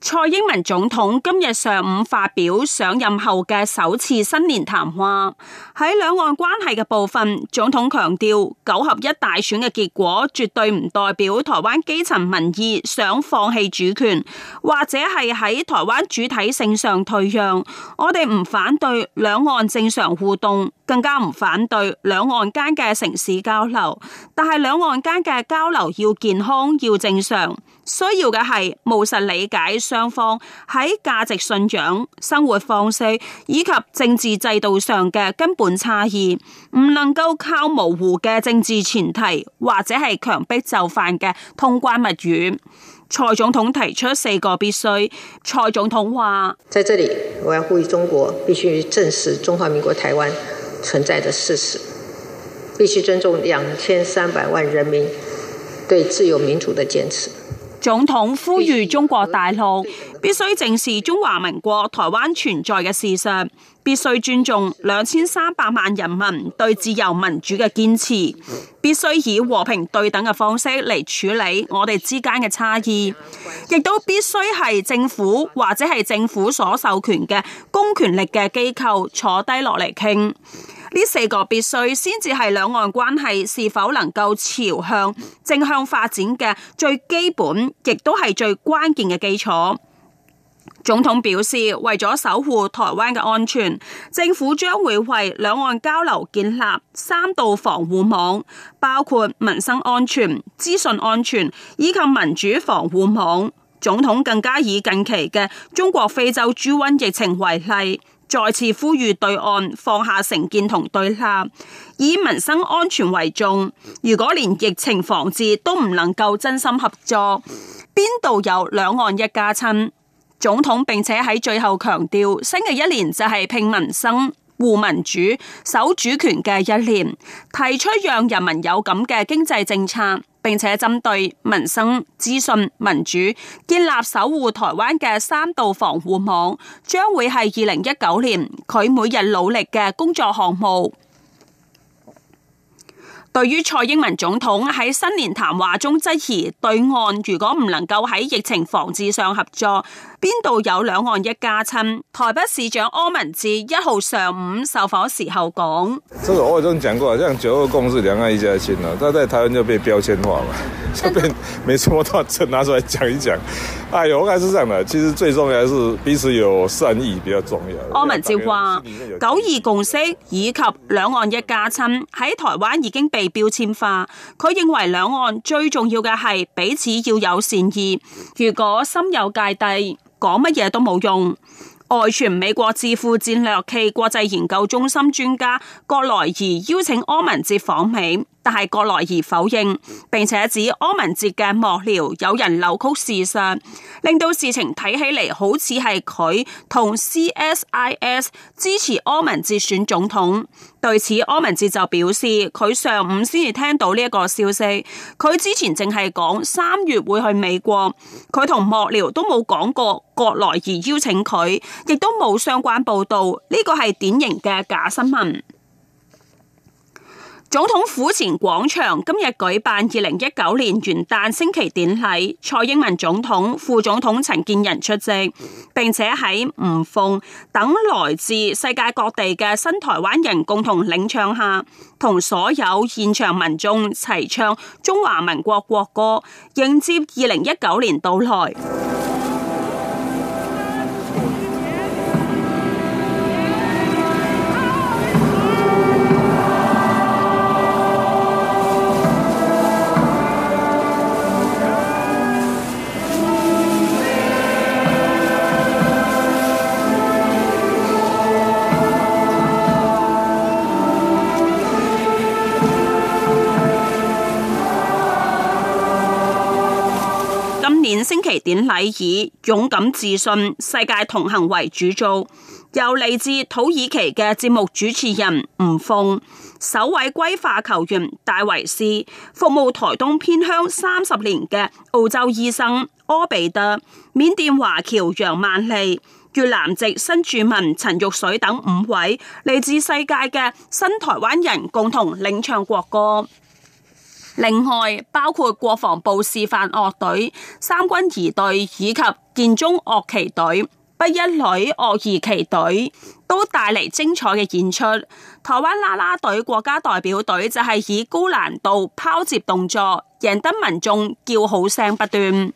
蔡英文總統今日上午發表上任後嘅首次新年談話，喺兩岸關係嘅部分，總統強調九合一大選嘅結果絕對唔代表台灣基層民意想放棄主權，或者係喺台灣主體性上退讓。我哋唔反對兩岸正常互動，更加唔反對兩岸間嘅城市交流，但係兩岸間嘅交流要健康，要正常。需要嘅係務實理解雙方喺價值信仰、生活方式以及政治制度上嘅根本差異，唔能夠靠模糊嘅政治前提或者係強迫就範嘅通關密語。蔡總統提出四個必須。蔡總統話：在這裏，我要呼籲中國必須正視中華民國台灣存在的事實，必須尊重兩千三百萬人民對自由民主的堅持。總統呼籲中國大陸必須正視中華民國台灣存在嘅事實，必須尊重兩千三百萬人民對自由民主嘅堅持，必須以和平對等嘅方式嚟處理我哋之間嘅差異，亦都必須係政府或者係政府所授權嘅公權力嘅機構坐低落嚟傾。呢四個必須先至係兩岸關係是否能夠朝向正向發展嘅最基本，亦都係最關鍵嘅基礎。總統表示，為咗守護台灣嘅安全，政府將會為兩岸交流建立三道防護網，包括民生安全、資訊安全以及民主防護網。總統更加以近期嘅中國非洲豬瘟疫情為例。再次呼籲對岸放下成見同對立，以民生安全為重。如果連疫情防治都唔能夠真心合作，邊度有兩岸一家親？總統並且喺最後強調，新嘅一年就係拚民生、護民主、守主權嘅一年，提出讓人民有咁嘅經濟政策。並且針對民生、資訊、民主，建立守護台灣嘅三道防護網，將會係二零一九年佢每日努力嘅工作項目。對於蔡英文總統喺新年談話中質疑對岸如果唔能夠喺疫情防治上合作，邊度有兩岸一家親？台北市長柯文哲一號上午受訪時候講：其實我已經講過，像九二共識兩岸一家親啦，但係台灣就被標籤化啦，就被冇乜好拿出來講一講。哎呦，我應該係咁啦，其實最重要係彼此有善意比較重要。柯文哲話：九二共識以及兩岸一家親喺台灣已經被標籤化，佢認為兩岸最重要嘅係彼此要有善意。如果心有芥蒂，講乜嘢都冇用。外傳美國智庫戰略暨國際研究中心專家郭來儀邀請柯文哲訪美。但係葛來儀否認，並且指柯文哲嘅幕僚有人扭曲事實，令到事情睇起嚟好似係佢同 CSIS 支持柯文哲選總統。對此，柯文哲就表示佢上午先至聽到呢一個消息，佢之前淨係講三月會去美國，佢同幕僚都冇講過葛來儀邀請佢，亦都冇相關報道，呢個係典型嘅假新聞。總統府前廣場今日舉辦二零一九年元旦升旗典禮，蔡英文總統、副總統陳建仁出席，並且喺吳鳳等來自世界各地嘅新台灣人共同領唱下，同所有現場民眾齊唱中華民國國歌，迎接二零一九年到來。其典禮以勇敢自信、世界同行為主做，由嚟自土耳其嘅節目主持人吳鳳、首位歸化球員戴維斯、服務台東偏鄉三十年嘅澳洲醫生柯比特、緬甸華僑楊萬利、越南籍新住民陳玉水等五位嚟自世界嘅新台灣人共同領唱國歌。另外包括國防部示範樂隊、三軍儀隊以及建中樂旗隊、北一女樂儀旗隊，都帶嚟精彩嘅演出。台灣啦啦隊國家代表隊就係以高難度拋接動作，贏得民眾叫好聲不斷。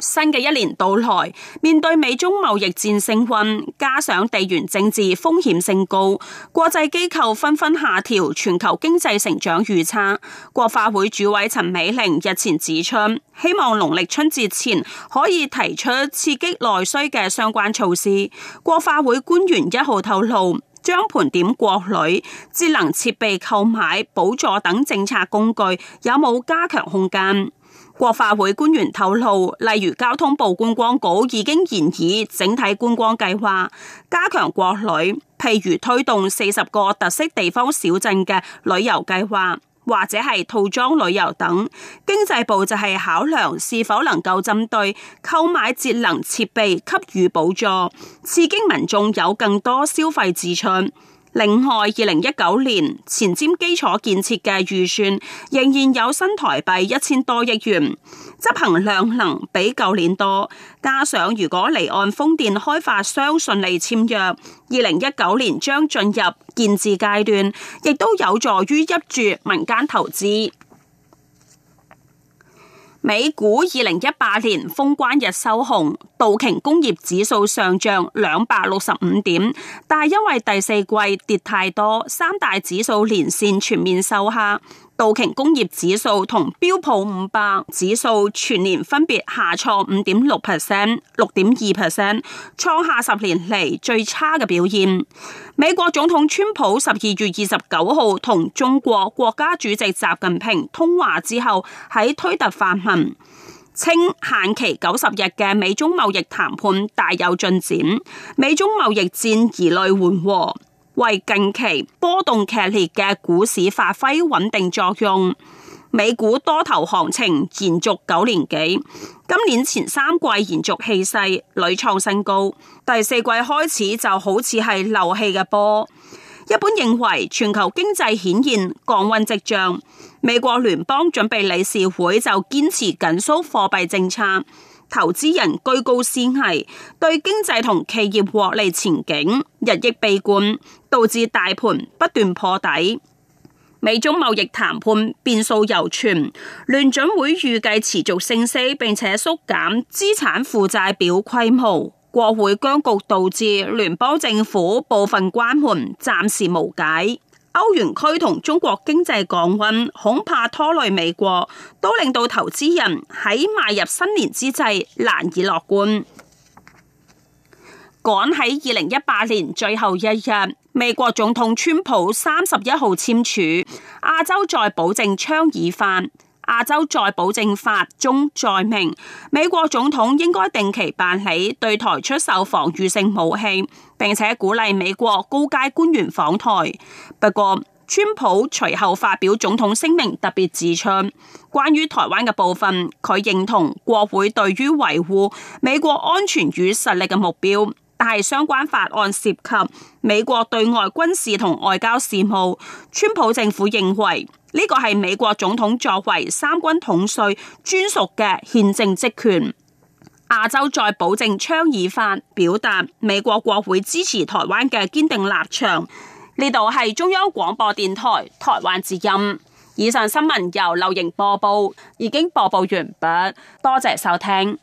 新嘅一年到來，面對美中貿易戰升温，加上地緣政治風險性高，國際機構紛紛下調全球經濟成長預測。國發會主委陳美玲日前指出，希望農曆春節前可以提出刺激內需嘅相關措施。國發會官員一號透露，將盤點國旅智能設備購買補助等政策工具有冇加強空間。國發會官員透露，例如交通部觀光局已經研擬整體觀光計劃，加強國旅，譬如推動四十個特色地方小鎮嘅旅遊計劃，或者係套裝旅遊等。經濟部就係考量是否能夠針對購買節能設備給予補助，刺激民眾有更多消費支出。另外，二零一九年前瞻基礎建設嘅預算仍然有新台幣一千多億元，執行量能比舊年多。加上如果離岸風電開發商順利簽約，二零一九年將進入建置階段，亦都有助於吸住民間投資。美股二零一八年封關日收紅，道瓊工業指數上漲兩百六十五點，但因為第四季跌太多，三大指數連線全面收黑。道瓊工業指數同標普五百指數全年分別下挫五點六 percent、六點二 percent，創下十年嚟最差嘅表現。美國總統川普十二月二十九號同中國國家主席習近平通話之後，喺推特發文稱，稱限期九十日嘅美中貿易談判大有進展，美中貿易戰疑類緩和。為近期波動劇烈嘅股市發揮穩定作用，美股多頭行情延續九年幾，今年前三季延續氣勢，屢創新高。第四季開始就好似係漏氣嘅波。一般認為全球經濟顯現降溫跡象，美國聯邦準備理事會就堅持緊縮貨幣政策。投資人居高思危，對經濟同企業獲利前景日益悲觀，導致大盤不斷破底。美中貿易談判變數猶存，聯準會預計持續升息並且縮減資產負債表規模，國會僵局導致聯邦政府部分關門，暫時無解。歐元區同中國經濟降溫，恐怕拖累美國，都令到投資人喺邁入新年之際難以樂觀。趕喺二零一八年最後一日，美國總統川普三十一號簽署亞洲再保證倡議法。亞洲再保證法中載明，美國總統應該定期辦理對台出售防禦性武器，並且鼓勵美國高階官員訪台。不過，川普隨後發表總統聲明特別，特別自創關於台灣嘅部分，佢認同國會對於維護美國安全與實力嘅目標，但係相關法案涉及美國對外軍事同外交事務，川普政府認為。呢個係美國總統作為三軍統帥專屬嘅憲政職權。亞洲再保證倡議法，表達美國國會支持台灣嘅堅定立場。呢度係中央廣播電台台灣之音。以上新聞由劉瑩播報，已經播報完畢。多謝收聽。